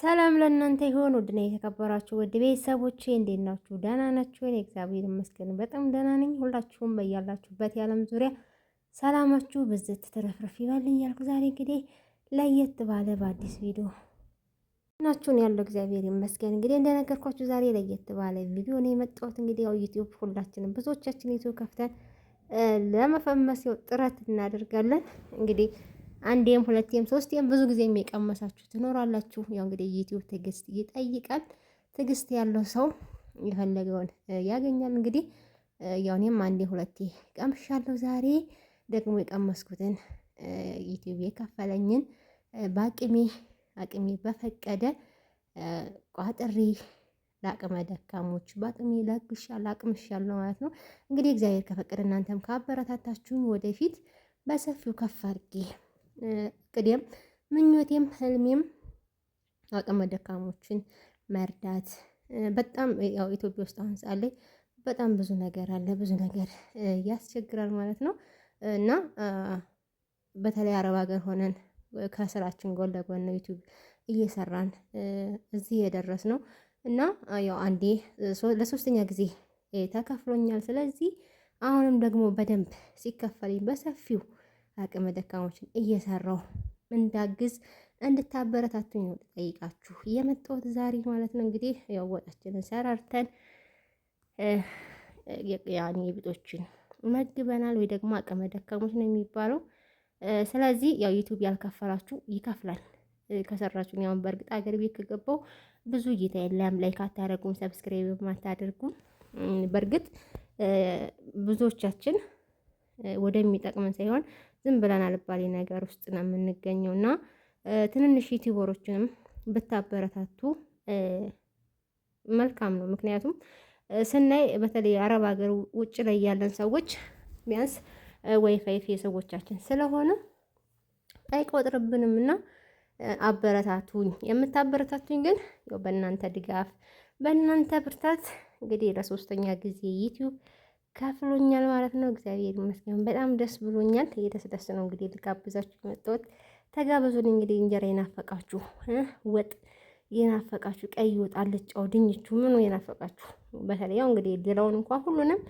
ሰላም ለእናንተ ይሆን ውድና የተከበራችሁ ውድ ቤተሰቦች እንዴት ናችሁ? ደህና ናችሁ? እኔ እግዚአብሔር ይመስገን በጣም ደህና ነኝ። ሁላችሁም በያላችሁበት የዓለም ዙሪያ ሰላማችሁ ብዝት ትረፍረፍ ይበልኝ እያልኩ ዛሬ እንግዲህ ለየት ባለ በአዲስ ቪዲዮ ናችሁን ያለው እግዚአብሔር ይመስገን። እንግዲህ እንደነገርኳችሁ ዛሬ ለየት ባለ ቪዲዮ ነው የመጣሁት። እንግዲህ ያው ዩቲዩብ ሁላችንም ብዙዎቻችን ዩቲዩብ ከፍተን ለመፈመስ ጥረት እናደርጋለን እንግዲህ አንዴም ሁለቴም ሶስቴም ብዙ ጊዜ የቀመሳችሁ ትኖራላችሁ። ያው እንግዲህ ዩቲዩብ ትዕግስት ይጠይቃል። ትዕግስት ያለው ሰው የፈለገውን ያገኛል። እንግዲህ ያው እኔም አንዴ ሁለቴ ቀምሻለሁ። ዛሬ ደግሞ የቀመስኩትን ዩቲዩብ የከፈለኝን በአቅሜ አቅሜ በፈቀደ ቋጥሪ ለአቅመ ደካሞች በአቅሜ ለግሻለሁ አቅምሻለሁ ማለት ነው። እንግዲህ እግዚአብሔር ከፈቀደ እናንተም ካበረታታችሁኝ ወደፊት በሰፊው ከፍ አድርጌ ቅዴም ምኞቴም ህልሜም አቅመ ደካሞችን መርዳት በጣም ያው ኢትዮጵያ ውስጥ አሁን ሰዓት ላይ በጣም ብዙ ነገር አለ ብዙ ነገር ያስቸግራል ማለት ነው። እና በተለይ አረብ ሀገር ሆነን ከስራችን ጎን ለጎን ነው ዩቲዩብ እየሰራን እዚህ ነው እና ያው አንዴ ለሶስተኛ ጊዜ ተከፍሎኛል። ስለዚህ አሁንም ደግሞ በደንብ ሲከፈልኝ በሰፊው አቅመ ደካሞችን እየሰራሁ እንዳግዝ እንድታበረታቱኝ ነው ጠይቃችሁ የመጣሁት ዛሬ ማለት ነው። እንግዲህ ያው ወጣችንን ሰራርተን ያኔ ብጦችን መግበናል ወይ ደግሞ አቅመ ደካሞች ነው የሚባለው። ስለዚህ ያው ዩቱብ ያልከፈላችሁ ይከፍላል ከሰራችሁ። ያውን በእርግጥ አገር ቤት ከገባው ብዙ እይታ የለም፣ ላይክ አታደርጉም፣ ሰብስክራይብ አታደርጉም። በእርግጥ ብዙዎቻችን ወደሚጠቅመን ሳይሆን ዝም ብለን አልባሌ ነገር ውስጥ ነው የምንገኘው እና ትንንሽ ዩቲዩበሮችንም ብታበረታቱ መልካም ነው። ምክንያቱም ስናይ በተለይ አረብ ሀገር ውጭ ላይ ያለን ሰዎች ቢያንስ ወይፋይ የሰዎቻችን ስለሆነ አይቆጥርብንም እና አበረታቱኝ። የምታበረታቱኝ ግን በእናንተ ድጋፍ፣ በእናንተ ብርታት እንግዲህ ለሶስተኛ ጊዜ ዩቲዩብ ከፍሎኛል ማለት ነው። እግዚአብሔር ይመስገን በጣም ደስ ብሎኛል። እየተስደስ ነው እንግዲህ ልጋብዛችሁ መጥቶት ተጋበዙን እንግዲህ እንጀራ የናፈቃችሁ ወጥ የናፈቃችሁ ቀይ ወጥ አልጫው፣ ድንቹ ምኑ የናፈቃችሁ በተለይ ያው እንግዲህ ሌላውን እንኳን ሁሉንም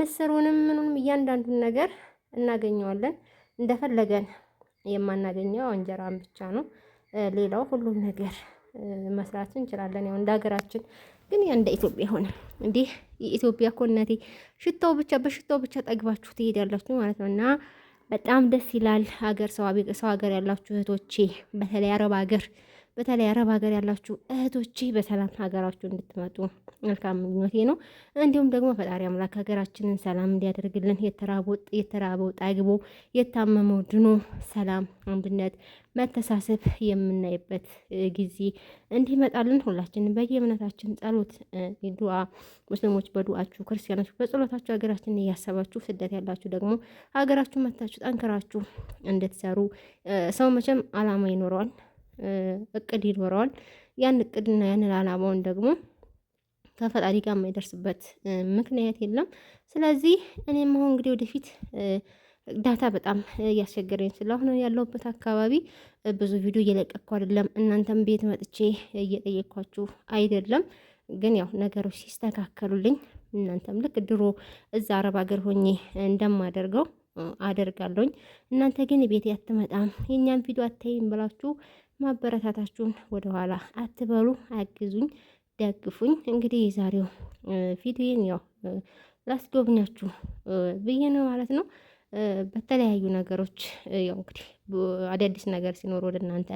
ምስሩንም ምኑንም እያንዳንዱን ነገር እናገኘዋለን። እንደፈለገን የማናገኘው እንጀራን ብቻ ነው። ሌላው ሁሉም ነገር መስራት እንችላለን። ያው እንደ ሀገራችን ግን ያ እንደ ኢትዮጵያ ሆነ እንዲህ የኢትዮጵያ ኮነቴ እናቴ ሽታው ብቻ በሽታው ብቻ ጠግባችሁ ትሄዳላችሁ ማለት ነው። እና በጣም ደስ ይላል ሀገር ሰው ሀገር ያላችሁ እህቶቼ በተለይ አረብ ሀገር በተለይ አረብ ሀገር ያላችሁ እህቶቼ በሰላም ሀገራችሁ እንድትመጡ መልካም ምኞቴ ነው። እንዲሁም ደግሞ ፈጣሪ አምላክ ሀገራችንን ሰላም እንዲያደርግልን የተራበው ጠግቦ፣ የታመመው ድኖ ሰላም፣ አንድነት፣ መተሳሰብ የምናይበት ጊዜ እንዲመጣልን ሁላችን በየእምነታችን ጸሎት፣ ዱዓ ሙስሊሞች በዱዓችሁ ክርስቲያኖች በጸሎታችሁ ሀገራችንን እያሰባችሁ ስደት ያላችሁ ደግሞ ሀገራችሁ መታችሁ ጠንክራችሁ እንድትሰሩ ሰው መቼም አላማ ይኖረዋል። እቅድ ይኖረዋል። ያን እቅድና ያንን አላማውን ደግሞ ከፈጣሪ ጋር የማይደርስበት ምክንያት የለም። ስለዚህ እኔም አሁን እንግዲህ ወደፊት ዳታ በጣም እያስቸገረኝ ስለሆነ ያለሁበት አካባቢ ብዙ ቪዲዮ እየለቀኩ አይደለም። እናንተም ቤት መጥቼ እየጠየኳችሁ አይደለም። ግን ያው ነገሮች ሲስተካከሉልኝ እናንተም ልክ ድሮ እዛ አረብ ሀገር ሆኜ እንደማደርገው አደርጋለሁኝ። እናንተ ግን ቤት አትመጣም የእኛም ቪዲዮ አታይም ብላችሁ ማበረታታችሁን ወደኋላ አትበሉ፣ አግዙኝ፣ ደግፉኝ። እንግዲህ የዛሬው ቪዲዮን ያው ላስጎብኛችሁ ብዬ ነው ማለት ነው። በተለያዩ ነገሮች ያው እንግዲህ አዳዲስ ነገር ሲኖር ወደ እናንተ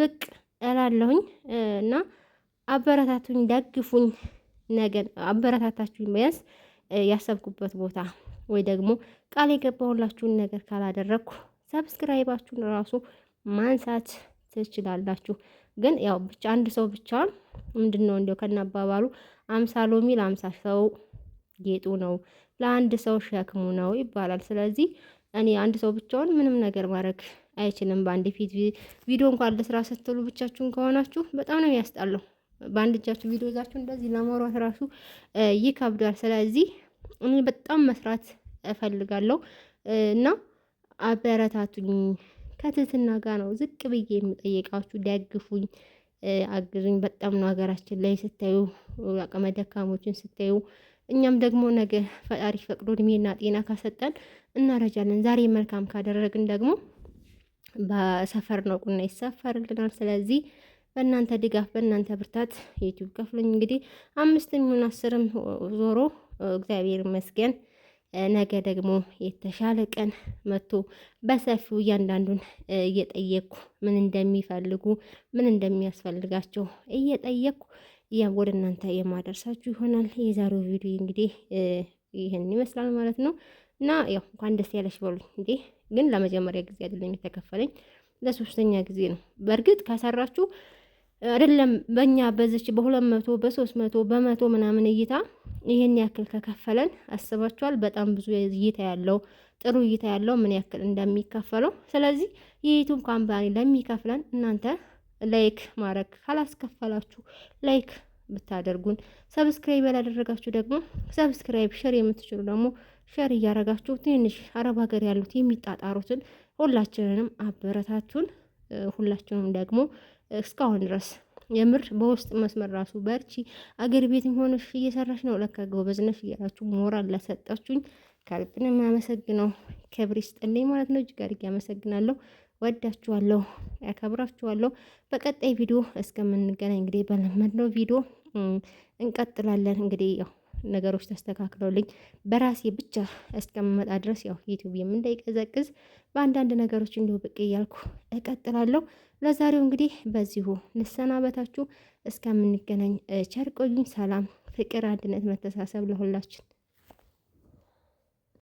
ብቅ እላለሁኝ እና አበረታቱኝ፣ ደግፉኝ። ነገን አበረታታችሁኝ ቢያንስ ያሰብኩበት ቦታ ወይ ደግሞ ቃል የገባሁላችሁን ነገር ካላደረግኩ ሰብስክራይባችሁን ራሱ ማንሳት ትችላላችሁ። ግን ያው ብቻ አንድ ሰው ብቻ ምንድን ነው እንዲያው ከነ አምሳ ሎሚ ለአምሳ ሰው ጌጡ ነው ለአንድ ሰው ሸክሙ ነው ይባላል። ስለዚህ እኔ አንድ ሰው ብቻውን ምንም ነገር ማድረግ አይችልም። በአንድ ፊት ቪዲዮ እንኳን ለስራ ስትሉ ብቻችሁን ከሆናችሁ በጣም ነው የሚያስጣለው። በአንድ እጃችሁ ቪዲዮ ዛችሁ እንደዚህ ለማውራት ራሱ ይከብዳል። ስለዚህ እኔ በጣም መስራት እፈልጋለሁ እና አበረታቱኝ። ከትህትና ጋር ነው ዝቅ ብዬ የምጠይቃችሁ። ደግፉኝ፣ አግዙኝ። በጣም ነው ሀገራችን ላይ ስታዩ አቅመ ደካሞችን ስታዩ እኛም ደግሞ ነገ ፈጣሪ ፈቅዶ እድሜና ጤና ካሰጠን እናረጃለን። ዛሬ መልካም ካደረግን ደግሞ በሰፈር ነው ቁና ይሰፈርልናል። ስለዚህ በእናንተ ድጋፍ በእናንተ ብርታት ዩቲዩብ ከፍሎኝ እንግዲህ አምስት የሚሆን አስርም ዞሮ እግዚአብሔር ይመስገን። ነገ ደግሞ የተሻለ ቀን መጥቶ በሰፊው እያንዳንዱን እየጠየኩ ምን እንደሚፈልጉ ምን እንደሚያስፈልጋቸው እየጠየኩ ወደ እናንተ የማደርሳችሁ ይሆናል። የዛሬው ቪዲዮ እንግዲህ ይህን ይመስላል ማለት ነው እና ያው እንኳን ደስ ያለሽ በሉኝ። እንዴ ግን ለመጀመሪያ ጊዜ አይደለም የተከፈለኝ ለሶስተኛ ጊዜ ነው። በእርግጥ ካሰራችሁ አይደለም በእኛ በዚች በሁለት መቶ በሶስት መቶ በመቶ ምናምን እይታ ይህን ያክል ከከፈለን አስባችኋል። በጣም ብዙ እይታ ያለው ጥሩ እይታ ያለው ምን ያክል እንደሚከፈለው። ስለዚህ የዩቱብ ካምፓኒ ለሚከፍለን እናንተ ላይክ ማድረግ ካላስከፈላችሁ ላይክ ብታደርጉን፣ ሰብስክራይብ ያላደረጋችሁ ደግሞ ሰብስክራይብ፣ ሸር የምትችሉ ደግሞ ሸር እያደረጋችሁ ትንሽ አረብ ሀገር ያሉት የሚጣጣሩትን ሁላችንንም አበረታቱን። ሁላችንም ደግሞ እስካሁን ድረስ የምር በውስጥ መስመር ራሱ በርቺ፣ አገር ቤትም ሆነሽ እየሰራሽ ነው ለካ ጎበዝ ነሽ እያላችሁ ሞራል ላሰጣችሁኝ ከልብን የማመሰግነው ክብር ይስጥልኝ ማለት ነው። እጅግ አድርጌ አመሰግናለሁ። ወዳችኋለሁ፣ ያከብራችኋለሁ። በቀጣይ ቪዲዮ እስከምንገናኝ እንግዲህ በለመድነው ቪዲዮ እንቀጥላለን እንግዲህ ያው ነገሮች ተስተካክለውልኝ በራሴ ብቻ እስከምመጣ ድረስ ያው ዩቱብ እንዳይቀዘቅዝ በአንዳንድ ነገሮች እንዲሁ ብቅ እያልኩ እቀጥላለሁ። ለዛሬው እንግዲህ በዚሁ ልሰናበታችሁ። እስከምንገናኝ ቸር ቆዩኝ። ሰላም፣ ፍቅር፣ አንድነት፣ መተሳሰብ ለሁላችን